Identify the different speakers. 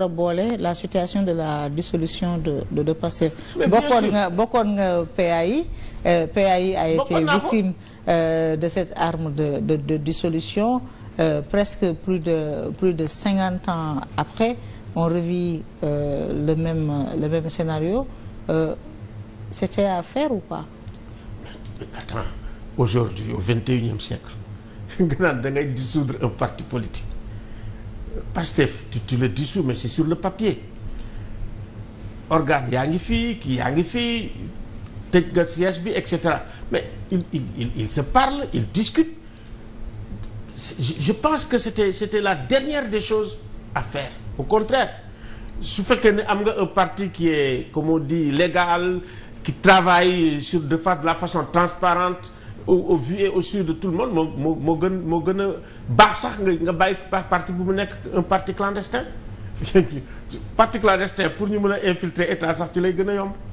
Speaker 1: war boole la situation de la dissolution de de de Pastef. bokkoon nga bokkoon nga PAI. PAI a euh, été victime euh, de cette arme de de de dissolution euh, presque plus de plus de cinquante ans après on revit le même le même scénario c'était à faire ou pas.
Speaker 2: attends aujourd'hui au vingt et unième siècle nga naan da ngay dissoudre un parti politique. Pastef tu tu le dissous mais c'est sur le papier organe yaa ngi fii kii yaa ngi fii tëj nga siège bi et cetera mais il il il il se parle il discute je, pense que c'était c'était la dernière des choses à faire au contraire su fekkee ne am nga un parti qui est comme on dit légal qui travaille sur de, de la façon transparente au au vie au su de tout le monde moo moo gën moo gën a baax sax nga nga bàyyi parti bu mu nekk un parti clandestin parti clandestin pour ñu mën a infiltrer état sax ci lay gën a yomb